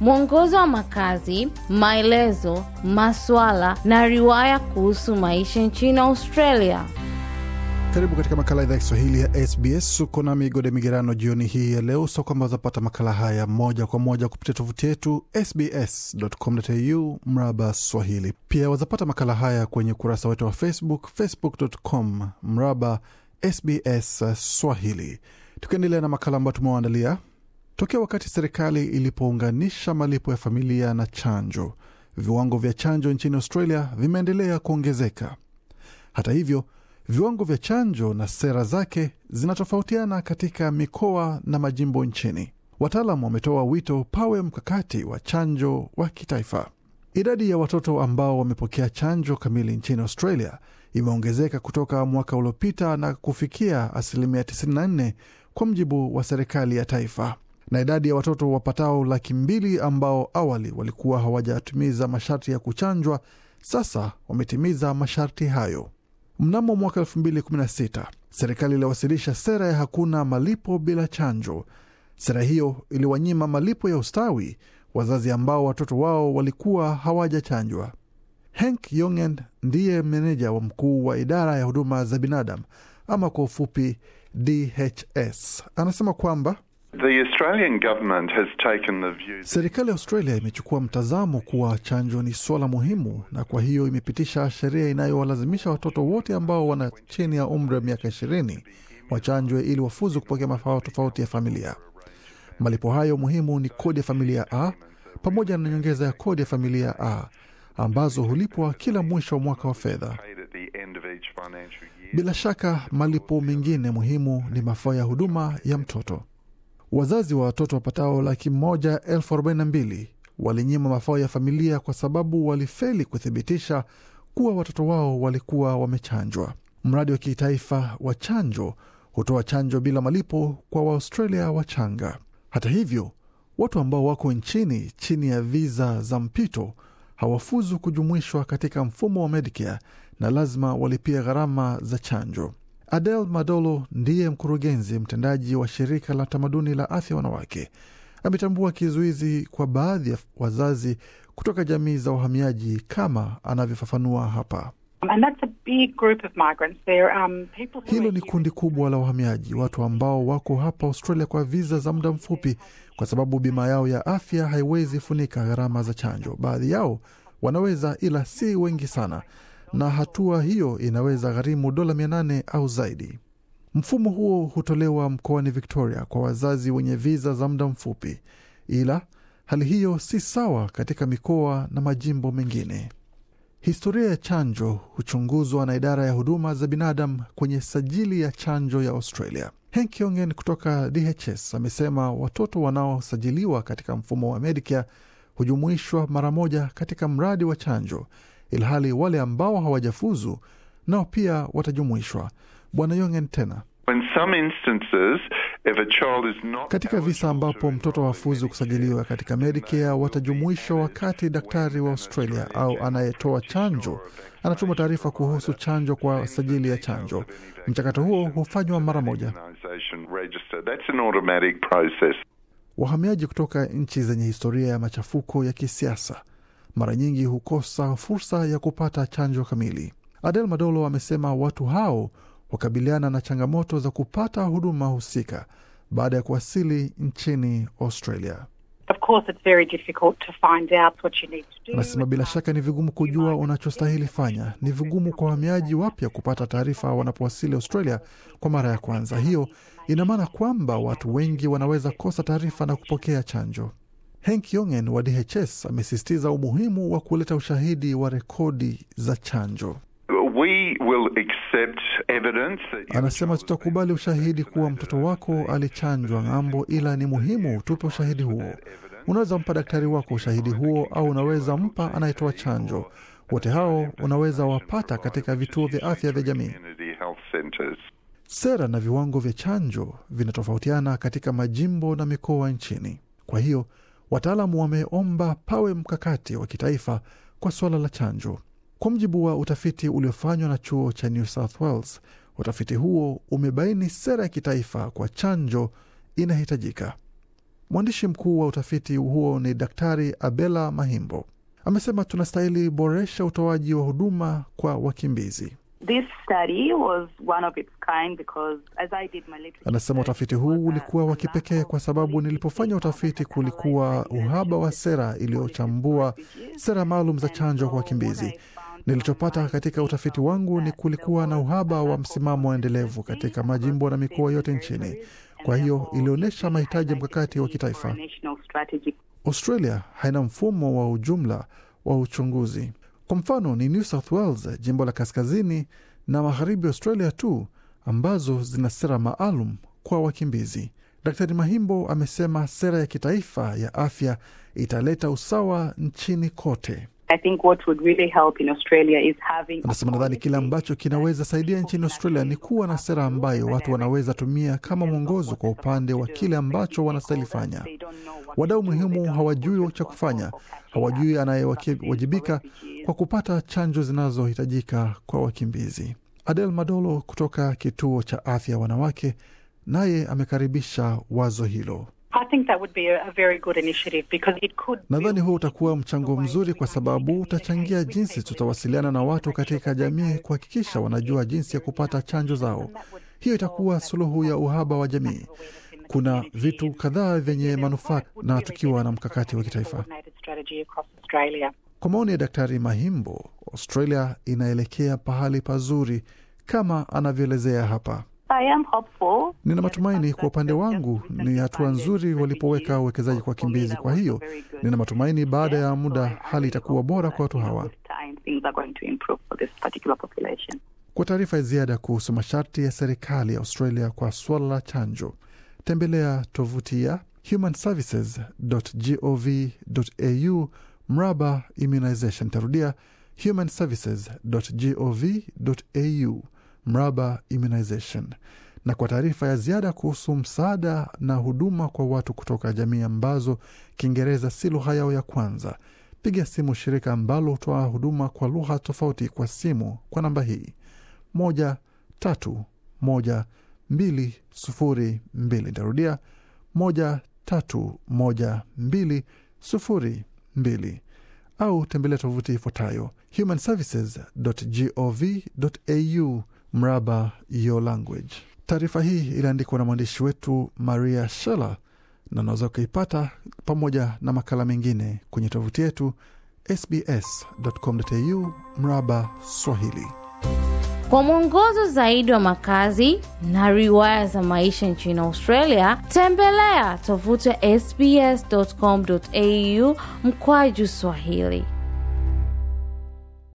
mwongozo wa makazi, maelezo, maswala na riwaya kuhusu maisha nchini Australia. Karibu katika makala idhaa ya Kiswahili ya SBS. Uko nami Gode Migerano jioni hii ya leo, so kwamba zapata makala haya moja kwa moja kupitia tovuti yetu sbscu mraba swahili. Pia wazapata makala haya kwenye ukurasa wetu wa Facebook, facebook.com mraba sbs swahili. Tukiendelea na makala ambayo tumewaandalia Tokea wakati serikali ilipounganisha malipo ya familia na chanjo, viwango vya chanjo nchini Australia vimeendelea kuongezeka. Hata hivyo, viwango vya chanjo na sera zake zinatofautiana katika mikoa na majimbo nchini. Wataalamu wametoa wito pawe mkakati wa chanjo wa kitaifa. Idadi ya watoto ambao wamepokea chanjo kamili nchini Australia imeongezeka kutoka mwaka uliopita na kufikia asilimia 94 kwa mjibu wa serikali ya taifa na idadi ya watoto wapatao laki mbili ambao awali walikuwa hawajatimiza masharti ya kuchanjwa sasa wametimiza masharti hayo. Mnamo mwaka 216 serikali iliwasilisha sera ya hakuna malipo bila chanjo. Sera hiyo iliwanyima malipo ya ustawi wazazi ambao watoto wao walikuwa hawajachanjwa. Henk Yongen ndiye meneja wa mkuu wa idara ya huduma za binadam ama kwa ufupi DHS, anasema kwamba Serikali ya Australia imechukua mtazamo kuwa chanjo ni swala muhimu, na kwa hiyo imepitisha sheria inayowalazimisha watoto wote ambao wana chini ya umri wa miaka ishirini wachanjwe ili wafuzu kupokea mafao tofauti ya familia. Malipo hayo muhimu ni kodi ya familia A pamoja na nyongeza ya kodi ya familia A ambazo hulipwa kila mwisho wa mwaka wa fedha. Bila shaka malipo mengine muhimu ni mafao ya huduma ya mtoto. Wazazi wa watoto wapatao laki moja elfu arobaini na mbili walinyima mafao ya familia kwa sababu walifeli kuthibitisha kuwa watoto wao walikuwa wamechanjwa. Mradi wa kitaifa wa chanjo hutoa chanjo bila malipo kwa Waaustralia wachanga. Hata hivyo, watu ambao wako nchini chini ya viza za mpito hawafuzu kujumuishwa katika mfumo wa Medicare na lazima walipia gharama za chanjo. Adel Madolo ndiye mkurugenzi mtendaji wa shirika la tamaduni la afya wanawake, ametambua kizuizi kwa baadhi ya wazazi kutoka jamii za wahamiaji kama anavyofafanua hapa. And that's a big group of migrants. um, people who hilo ni kundi kubwa la wahamiaji, watu ambao wako hapa Australia kwa viza za muda mfupi, kwa sababu bima yao ya afya haiwezi funika gharama za chanjo. Baadhi yao wanaweza, ila si wengi sana na hatua hiyo inaweza gharimu dola 8 au zaidi. Mfumo huo hutolewa mkoani Victoria kwa wazazi wenye viza za muda mfupi, ila hali hiyo si sawa katika mikoa na majimbo mengine. Historia ya chanjo huchunguzwa na idara ya huduma za binadamu kwenye sajili ya chanjo ya Australia. Henk Yongen kutoka DHS amesema watoto wanaosajiliwa katika mfumo wa Medicare hujumuishwa mara moja katika mradi wa chanjo ilhali wale ambao hawajafuzu nao pia watajumuishwa. Bwana Yongen tena katika visa ambapo mtoto hafuzu kusajiliwa katika Medicare watajumuishwa, wakati daktari wa Australia au anayetoa chanjo anatuma taarifa kuhusu chanjo kwa sajili ya chanjo. Mchakato huo hufanywa mara moja. Wahamiaji kutoka nchi zenye historia ya machafuko ya kisiasa mara nyingi hukosa fursa ya kupata chanjo kamili. Adel Madolo amesema watu hao wakabiliana na changamoto za kupata huduma husika baada ya kuwasili nchini Australia. Anasema bila shaka ni vigumu kujua unachostahili fanya. Ni vigumu kwa wahamiaji wapya kupata taarifa wanapowasili Australia kwa mara ya kwanza. Hiyo ina maana kwamba watu wengi wanaweza kosa taarifa na kupokea chanjo. Henk Yongen wa DHS amesisitiza umuhimu wa kuleta ushahidi wa rekodi za chanjo. We will accept evidence that... Anasema tutakubali ushahidi kuwa mtoto wako alichanjwa ng'ambo, ila ni muhimu tupe ushahidi huo. Unaweza mpa daktari wako ushahidi huo, au unaweza mpa anayetoa chanjo. Wote hao unaweza wapata katika vituo vya afya vya jamii. Sera na viwango vya chanjo vinatofautiana katika majimbo na mikoa nchini, kwa hiyo Wataalamu wameomba pawe mkakati wa kitaifa kwa suala la chanjo. Kwa mujibu wa utafiti uliofanywa na chuo cha New South Wales, utafiti huo umebaini sera ya kitaifa kwa chanjo inahitajika. Mwandishi mkuu wa utafiti huo ni Daktari Abela Mahimbo amesema tunastahili boresha utoaji wa huduma kwa wakimbizi. This study was one of its kind because as I did my literature. Anasema utafiti huu ulikuwa wa kipekee kwa sababu nilipofanya utafiti kulikuwa uhaba wa sera iliyochambua sera maalum za chanjo kwa wakimbizi. Nilichopata katika utafiti wangu ni kulikuwa na uhaba wa msimamo endelevu katika majimbo na mikoa yote nchini. Kwa hiyo ilionyesha mahitaji ya mkakati wa kitaifa. Australia haina mfumo wa ujumla wa uchunguzi kwa mfano ni New South Wales, jimbo la kaskazini na magharibi Australia tu ambazo zina sera maalum kwa wakimbizi. Daktari Mahimbo amesema sera ya kitaifa ya afya italeta usawa nchini kote. Anasema nadhani kile ambacho kinaweza saidia nchini Australia ni kuwa na sera ambayo watu wanaweza tumia kama mwongozo kwa upande wa kile ambacho wanastahili fanya. Wadau muhimu hawajui cha kufanya, hawajui anayewajibika kwa kupata chanjo zinazohitajika kwa wakimbizi. Adel Madolo kutoka kituo cha afya wanawake naye amekaribisha wazo hilo. Nadhani huo utakuwa mchango mzuri, kwa sababu utachangia jinsi tutawasiliana na watu katika jamii, kuhakikisha wanajua jinsi ya kupata chanjo zao. Hiyo itakuwa suluhu ya uhaba wa jamii. Kuna vitu kadhaa vyenye manufaa na tukiwa na mkakati wa kitaifa. Kwa maoni ya Daktari Mahimbo, Australia inaelekea pahali pazuri kama anavyoelezea hapa. Nina matumaini kwa upande wangu, ni hatua nzuri walipoweka uwekezaji kwa wakimbizi. Kwa hiyo nina matumaini baada ya muda hali itakuwa bora kwa watu hawa. Kwa taarifa ya ziada kuhusu masharti ya serikali ya Australia kwa suala la chanjo, tembelea tovuti ya humanservices.gov.au mraba immunization. Tarudia humanservices.gov.au mraba immunization na kwa taarifa ya ziada kuhusu msaada na huduma kwa watu kutoka jamii ambazo Kiingereza si lugha yao ya kwanza, piga simu shirika ambalo hutoa huduma kwa lugha tofauti kwa simu kwa namba hii moja tatu moja mbili sufuri mbili. Nitarudia moja tatu moja mbili sufuri mbili au tembelea tovuti ifuatayo humanservices.gov.au mraba Your Language. Taarifa hii iliandikwa na mwandishi wetu Maria Shela na unaweza ukaipata pamoja na makala mengine kwenye tovuti yetu sbs.com.au mraba Swahili. Kwa mwongozo zaidi wa makazi na riwaya za maisha nchini Australia, tembelea tovuti ya sbs.com.au mkwaju Swahili.